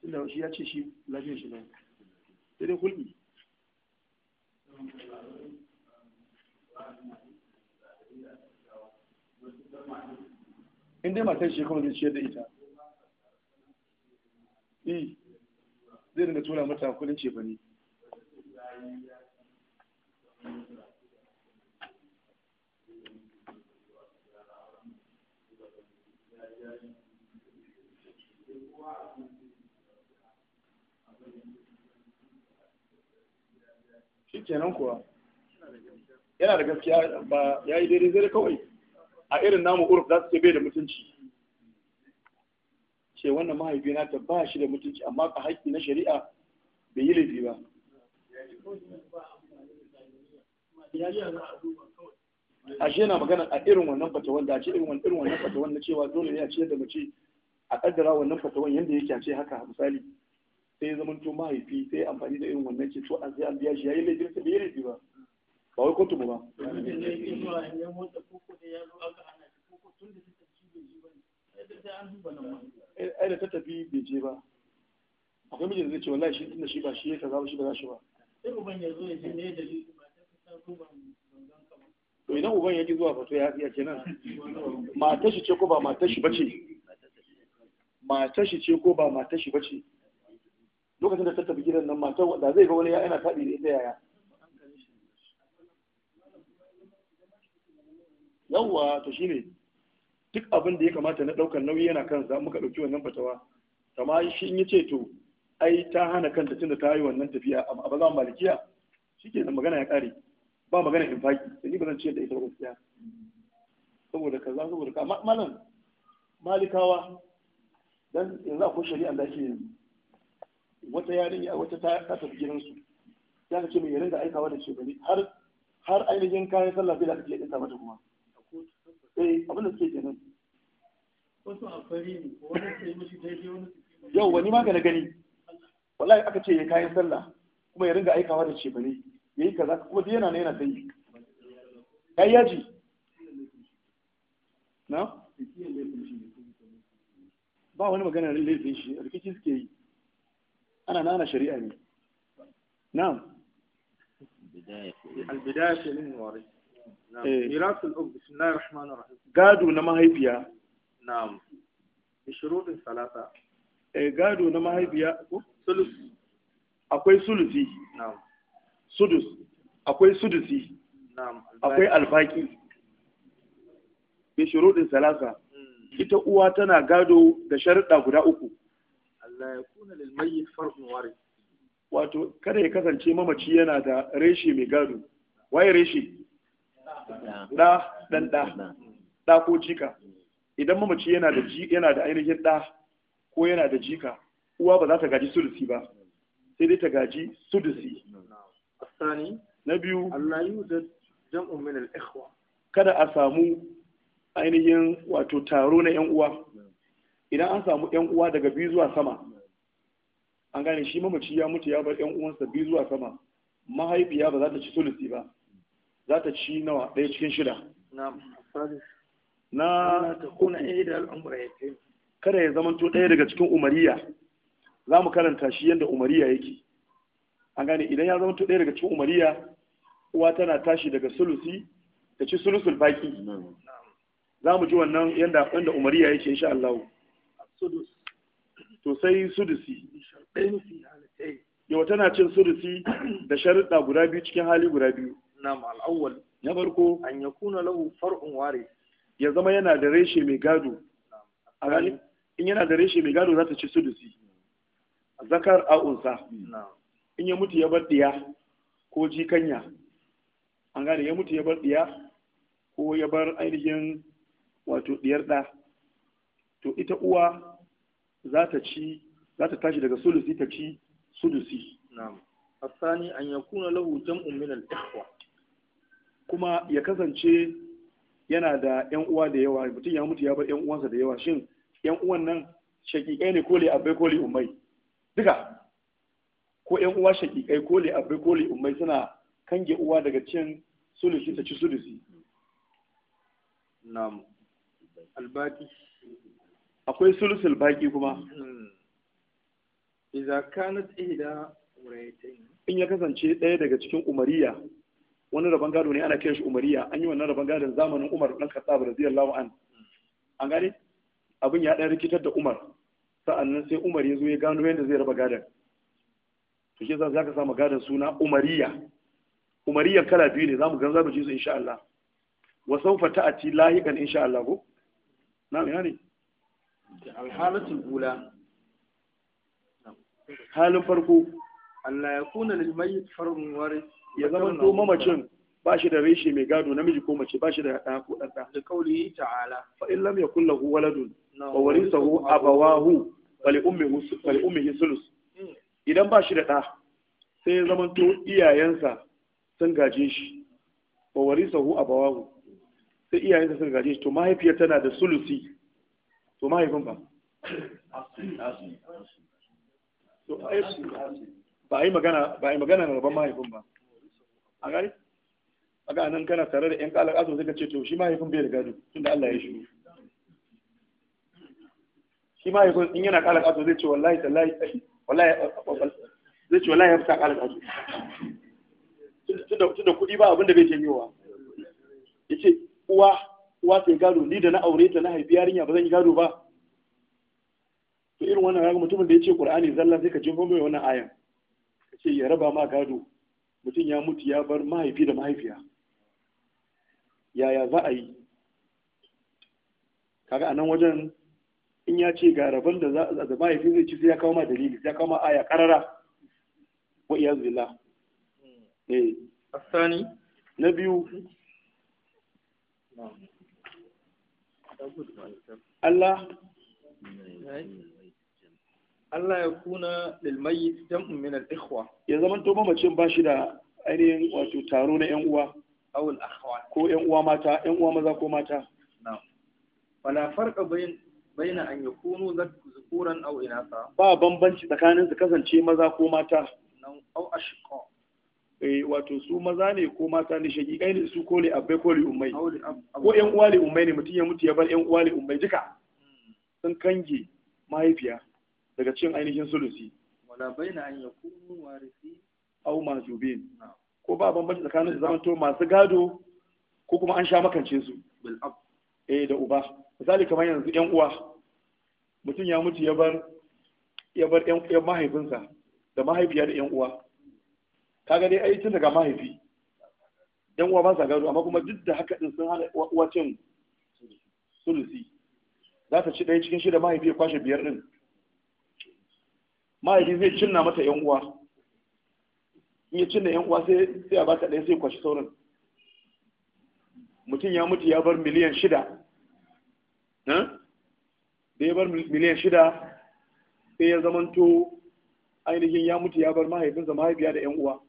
tunda shi ya ce shi lafiyar shi ne sai dai hulmi in dai matar shi kuma zai ciyar da ita E, zai da tura mata kudin ce ba ne shi kenan kuwa yana da gaskiya ba ya yi daidai zai kawai a irin namu uruf za su ce bai da mutunci ce wannan mahaifina ta ba shi da mutunci amma ka haƙƙi na shari'a bai yi laifi ba a ashe yana magana a irin wannan fatawan da ce irin wannan fatawan na cewa dole ne a ciyar da mace a kaddara wannan fatawan yadda yake a ce haka misali sai zama to mahaifi sai amfani da irin wannan ce to an sai an biya shi yayin laifin sai bai laifi ba ba wai kotu ba ai da ta tafi bai je ba akwai mijin da zai ce wallahi shi tunda shi ba shi ya kaza ba shi ba za shi ba sai uban ya zo ya ji ne dalili ba ta fita ko ban to idan uban ya ji zuwa fa to ya fiya kenan matar shi ce ko ba matashi shi bace matashi ce ko ba matashi shi bace lokacin da ta tafi gidan nan mata da zai ga wani ya yana faɗi da ita yaya yawwa to shine duk abin da ya kamata na ɗaukar nauyi yana kansa muka ɗauki wannan fatawa kama shi in yace to ai ta hana kanta tunda ta yi wannan tafiya a bazan malikiya shike da magana ya ƙare ba magana in faki da ni ba zan ciyar da ita ba gaskiya saboda kaza saboda ka malam malikawa dan yanzu akwai shari'a da ake yanzu wata yarinya wata ta tafi su ya ka ce mai yarin da aikawa da ce bari har har ainihin kayan sallah bai da ake yadda mata kuma eh abin da suke kenan wasu a ne ne wani sai mishi daidai wani yau wani ma na gani wallahi aka ce ya kayan sallah kuma ya ringa aikawa da ce bari yayi kaza kuma duk yana ne yana sai kai yaji na ba wani magana laifin shi rikici suke yi ana nana shari'a ne Na. Umm. Umm eh. umm. gado na mahaifiya na'am bi shurutin salasa eh, gado na mahaifiya akwai sulusi na'am sudus akwai sudusi na'am akwai alfaki bi shurutin salasa hmm. ita uwa tana gado da sharuɗa guda uku la lil mayyit farqun wato kada ya kasance mamaci yana da reshe mai gado waye reshe da dan da da ko jika idan mamaci yana da yana da ainihin da ko yana da jika uwa ba za ta gaji sulusi ba sai dai ta gaji sudusi asani na biyu Allah da jam'u min al-ikhwa kada a samu ainihin wato taro na yan uwa idan an samu yan uwa daga biyu zuwa sama an gane shi mamaci ya mutu ya bar yan uwansa biyu zuwa sama mahaifiya ba za ta ci sulusi ba za ta ci nawa ɗaya cikin shida na kuna da kada ya zamanto ɗaya daga cikin umariya za mu karanta shi yadda umariya yake an gane idan ya zamanto ɗaya daga cikin umariya uwa tana tashi daga sulusi ta ci sulusul baki za mu ji wannan yadda umariya yake insha Allah to sai sudusi yau tana cin sudusi da sharuɗa guda biyu cikin hali guda biyu na al na farko an kuna lahu far'un ware ya zama yana da reshe mai gado a gani in yana da reshe mai gado za ta ci sudusi zakar a unsa in ya mutu ya bar diya ko jikanya an gane ya mutu ya bar diya ko ya bar ainihin wato diyar da to ita uwa za ta ci za ta tashi daga sulusi ta ci sulusi na'am asani an yakuna lahu jam'un min al-ikhwa kuma ya kasance yana da yan uwa da yawa mutum ya mutu ya bar yan uwansa da yawa shin yan uwan nan shakikai ne kole abai kole ummai duka ko yan uwa shakikai kole abai kole ummai suna kange uwa daga cin sulusi ta ci sulusi na'am albaki akwai sulusul baki kuma idza kanat ihda umrayatayn in ya kasance ɗaya daga cikin umariya wani rabon gado ne ana kai shi umariya an yi wannan rabon gadon zamanin Umar dan Khattab radiyallahu an an gane abin ya ɗan rikitar da Umar sa'annan sai Umar ya zo ya gano yadda zai raba gadon to shi za ka samu gadon suna umariya umariyan kala biyu ne zamu gan za mu ji su insha Allah wa sawfa ta'ati lahiqan insha Allah ko Ina ne da alhalatul ula halin farko Allah ya kuna lil mayyit farun ya zama mamacin ba shi da reshe mai gado namiji ko mace ba shi da ɗa ko ɗan ɗa da kauli ta'ala fa in lam yakul lahu waladun wa warisahu abawahu wa li ummihi wa li ummihi sulus hmm. idan ba shi da ɗa sai ya zama to iyayensa sun gaje shi wa warisahu abawahu sai iyayensa sun gaje shi to mahaifiyar tana da sulusi to mahaifin ba ba a yi magana na rabon mahaifin ba a gari a ga nan kana tare da yan kalar aso ka ce to shi mahaifin bai da gado da Allah ya shi shi mahaifin in yana kalar aso zai ce wallahi tallahi wallahi zai ce wallahi ya fita kalar aso tunda kuɗi ba abinda bai janyowa ya ce uwa uwa ta gado ni da na aure ta na haifi yarinya ba zan yi gado ba to irin wannan ga mutumin da ya ce qur'ani zalla sai ka jinfa mai wannan ayan ka ce ya raba ma gado mutum ya mutu ya bar mahaifi da mahaifiya yaya za a yi kaga a nan wajen in ya ce ga rabon da za a mahaifi zai ci sai ya kawo ma dalili sai ya kawo ma aya karara wa iya zila hmm. eh asani na biyu Allah Allah ya kuna lilmayyit jam'un min al-ikhwa ya zaman to mamacin ba shi da ainihin wato taro na yan uwa awul al-akhwat ko yan uwa mata yan uwa maza ko mata na'am wala farqa bayin bayna an yakunu zakuran aw inatha ba bambanci tsakanin su kasance maza ko mata nan aw ashqa Eh, wato su maza ne ko mata ne kai ne su kole abbe kole ummai ko yan uwa le ummai ne mutum ya mutu ya bar yan uwa le ummai duka hmm. sun kange mahaifiya daga cin ainihin sulusi wala baina an yakunu warisi aw majubin ko ba bambanci tsakanin zaman to masu gado ko kuma an sha makance su eh da uba misali kamar yanzu yan uwa mutum ya mutu ya bar ya bar yan mahaifinsa da mahaifiya da yan uwa kaga dai ai tun daga mahaifi dan uwa ba sa gado amma kuma duk da haka din sun hana uwa sulusi za ta ci ɗaya cikin shida mahaifi ya kwashe biyar din mahaifi zai cinna mata yan uwa in ya cinna yan uwa sai sai a ta ɗaya sai kwashe sauran mutum ya mutu ya bar miliyan shida da ya bar miliyan shida sai ya zamanto ainihin ya mutu ya bar mahaifinsa mahaifiya da 'yan uwa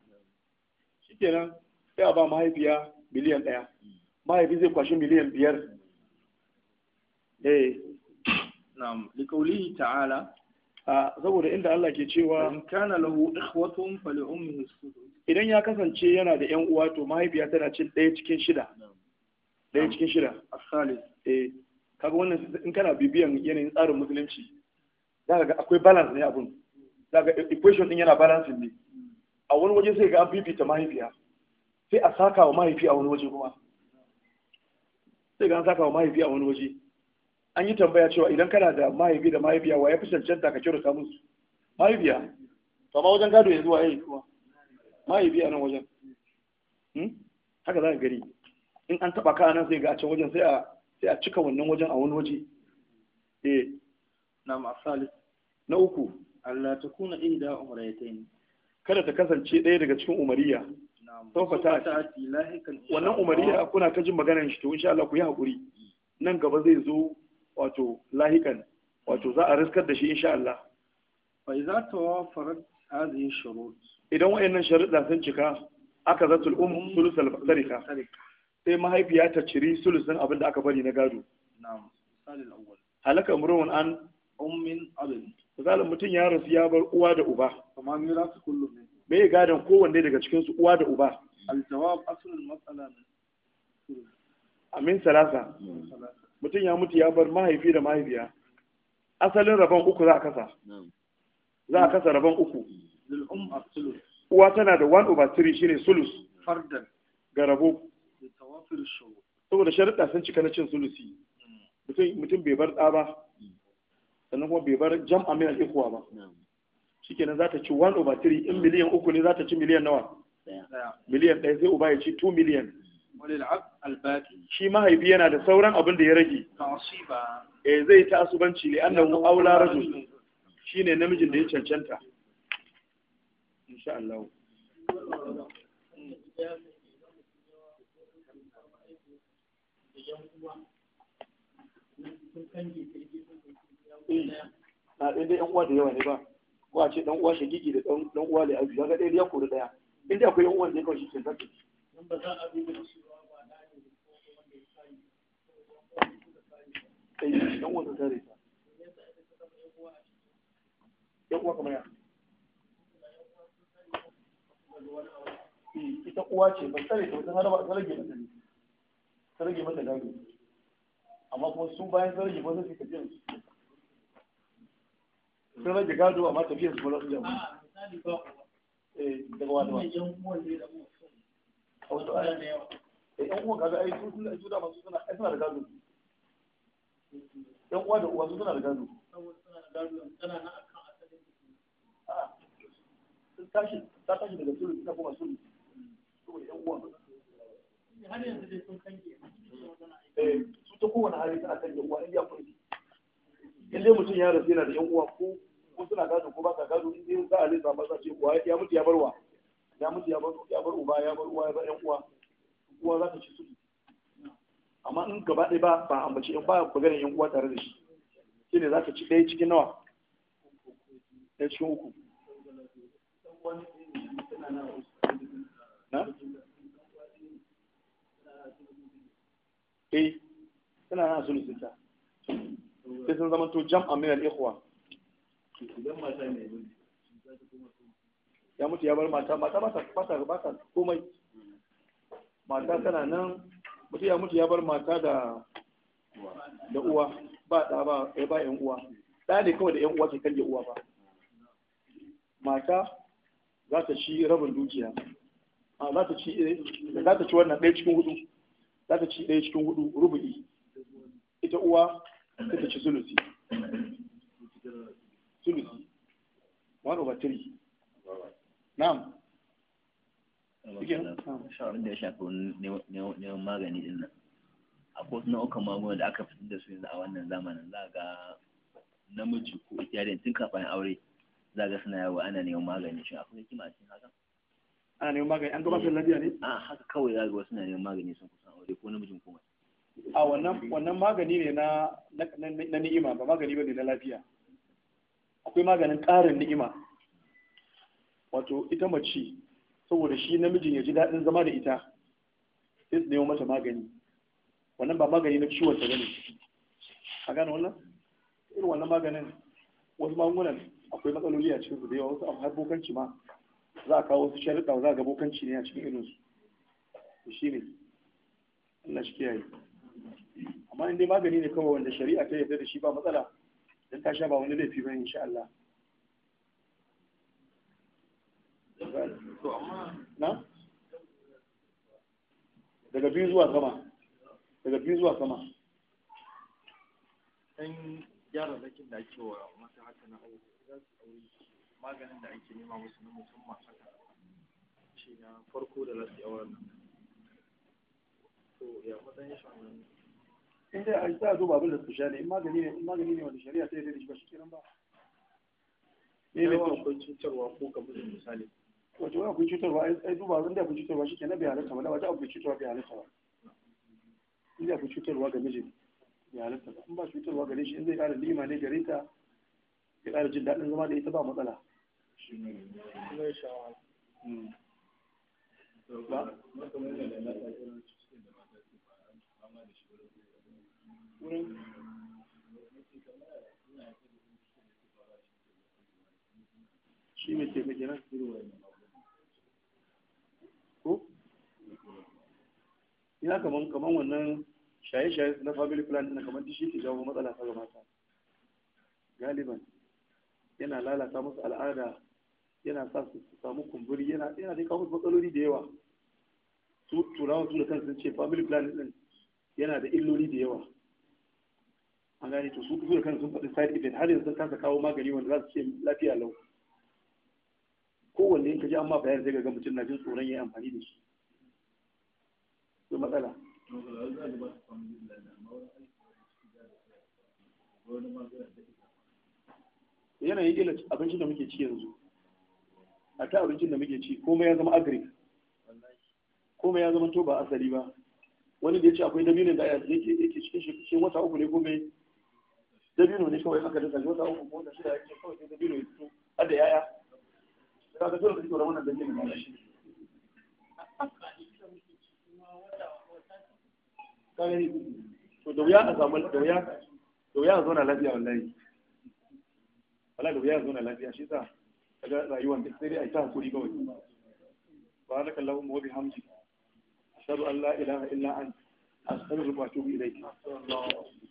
kenan sai a ba mahaifiya miliyan ɗaya mahaifi zai kwashi miliyan biyar eh na liqaulihi ta'ala saboda inda Allah ke cewa in kana lahu ikhwatun fa li ummihi idan ya kasance yana da ƴan uwa to mahaifiya tana cin ɗaya cikin shida ɗaya cikin shida asali eh kaga wannan in kana bibiyan yanayin tsarin musulunci zaka ga akwai balance ne abun zaka equation din yana balancing ne a wani waje sai ga an fifita mahaifiya sai a saka wa mahaifi a wani waje kuma sai ga an saka wa mahaifi a wani waje an yi tambaya cewa idan kana da mahaifi da mahaifiya wa ya fi cancanta ka kira samun musu mahaifiya to ma wajen gado ya zuwa yayi kuma mahaifiya nan wajen hmm? haka za ka gari in an taba ka nan sai ga a can wajen sai a sai a cika wannan wajen a wani waje eh na masali na uku Allah ta kuna inda umrayatayn kada ta kasance ɗaya daga cikin umariya sau ta wannan umariya kuna ta jin maganar shi to insha Allah ku yi haƙuri nan gaba zai zo wato lahikan wato za a riskar da shi insha Allah fa iza tawafarat hadhihi shurut idan wayannan sharuɗa sun cika aka zatul um, um sulusal um, sarika sai mahaifiya ta ciri sulusin abin da aka bari na gado na'am halaka murwan an ummin abin misalin mutum ya rasu ya bar uwa da uba amma ya su kullum me gadon kowanne daga cikin su uwa da uba aslul mas'ala amin salasa mutum ya mutu ya bar mahaifi da mahaifiya asalin rabon uku za a kasa za a kasa rabon uku um, uwa tana da one over 3 shine sulus ga rabo saboda sharuɗa sun cika na cin sulusi hmm. mutum bai bar ɗa ba hmm. sannan kuma bai bar jam'a min al ba. ba shikenan za ta ci 1 over 3 in miliyan uku ne za ta ci miliyan nawa miliyan ɗaya zai uba ya ci 2 miliyan mm. shi mahaifi yana da sauran abin da ya rage eh zai ta asubanci an nan aula rajul ne namijin da ya cancanta insha Allah na ɗaya ɗan uwa da yawa ne ba ko a ce ɗan uwa shagigi da ɗan uwa da abu kaga ɗaya ya kori ɗaya inda akwai yan uwan da kawai shi ke zaki ita uwa ce ba tsare ta wajen haraba ta rage mata ne ta rage mata amma kuma su bayan ta rage mata su ka jin su sun rage gado amma tafiyar su ba za su jama eh, daga wani ba a wasu aya da eh, yan uwan kaga ai sun suna juda masu suna ai suna da gado yan uwa da uwa su suna da gado sun tashi ta tashi daga sulu ta kuma sulu saboda yan uwan har eh, yanzu dai sun kange su ta kowane hali tana kange uwa in ya kwai in dai mutum ya rasu yana da yan uwa ko ko suna gado ko ba sa gado in za a lissa ba sa ce uwa ya mutu ya barwa ya mutu ya bar uba ya bar uwa ya bar yan uwa uwa za ta ci su amma in gaba ɗaya ba ba ambaci in ba ku ganin yan uwa tare da shi shine za ka ci ɗaya cikin nawa ɗaya cikin uku na? eh suna na sulusunta sai sun zama to jam'a min al-ikhwa idan mata mai miji ya mutu ya bar mata mata ba ta ba ta komai mata tana nan mutu ya mutu ya bar mata da da uwa ba da ba eh ba yan uwa da ne kawai da yan uwa ke kalle uwa ba mata za ta ci rabin dukiya a za ta ci eh, za ta ci wannan ɗaya cikin hudu za ta ci ɗaya cikin hudu rubu'i ita uwa ta ci zulusi batiri na'am shawarar da ya shafi neman magani din nan akwai wasu nau'ukan magunguna da aka fitar da su yanzu a wannan zamanin za ga namiji ko iyayen tun kafin aure za ga suna yawo ana neman magani shi akwai hikima a cikin haka ana neman magani an gabatar lafiya ne a haka kawai za ga wasu na neman magani sun kusa aure ko namijin ko mace a wannan wannan magani ne na na ni'ima ba magani ba ne na lafiya akwai maganin ƙarin ni'ima wato ita mace saboda shi namijin ya ji daɗin zama da ita sai su nemo mata magani wannan ba magani na ciwon ta bane a gane wannan irin wannan maganin wasu magungunan akwai matsaloli a cikin su da yawa wasu har bokanci ma za a kawo wasu sharuɗa za a ga bokanci ne a cikin irinsu to shi ne Allah shi kiyaye amma in dai magani ne kawai wanda shari'a ta yarda da shi ba matsala dan ta sha ba wani laifi ba insha Allah na daga biyu zuwa sama daga biyu zuwa sama ɗan gyara da ake wa mata haka na aure za su aure maganin da ake nema musu na musamman haka shi na farko da za su to ya matsayin shi wannan in dai a za a duba abin da su sha ne in magani ne magani ne wanda shari'a ta yi da shi ba shi kiran ba ne ne ko cutarwa ko kamar misali wace wani abin cutarwa ai duba abin da abin cutarwa shi ke na bai halatta ba na wata abin cutarwa bai halatta ba inda abin cutarwa ga mijin bai halatta ba in ba cutarwa gare shi in zai ƙara lima ne gare ta ya ƙara jin daɗin zama da ita ba matsala shi mai taimake ina kaman kaman wannan shaye-shaye na family plan na kaman shi ke jawo matsala ta mata galiban yana lalata musu al'ada yana sa su samu kumburi yana yana dai kawo matsaloli da yawa su turawa su da kan sun ce family plan din yana da illoli da yawa an gane to su su da kan sun faɗi side effect har yanzu sun kasa kawo magani wanda za su ce lafiya lau kowanne in ka ji an ma bayan zai ga mutum na jin tsoron ya yi amfani da shi matsala yanayin ila abincin da muke ci yanzu a ta abincin da muke ci komai ya zama agric komai ya zama to ba asali ba wani da ya ce akwai dabinin da yake cikin shi wata uku ne komai dabino ne kawai aka dasa wata uku ko wata shida yake kawai sai dabino ya fito har da yaya kaga dole ka tsoron wannan dabino ba shi kare to da wuya a samu da wuya da wuya a zauna lafiya wallahi wallahi da wuya a zauna lafiya shi sa kaga rayuwar da sai dai a yi ta hakuri kawai بارك اللهم وبحمدك أشهد أن لا إله إلا أنت أستغفرك وأتوب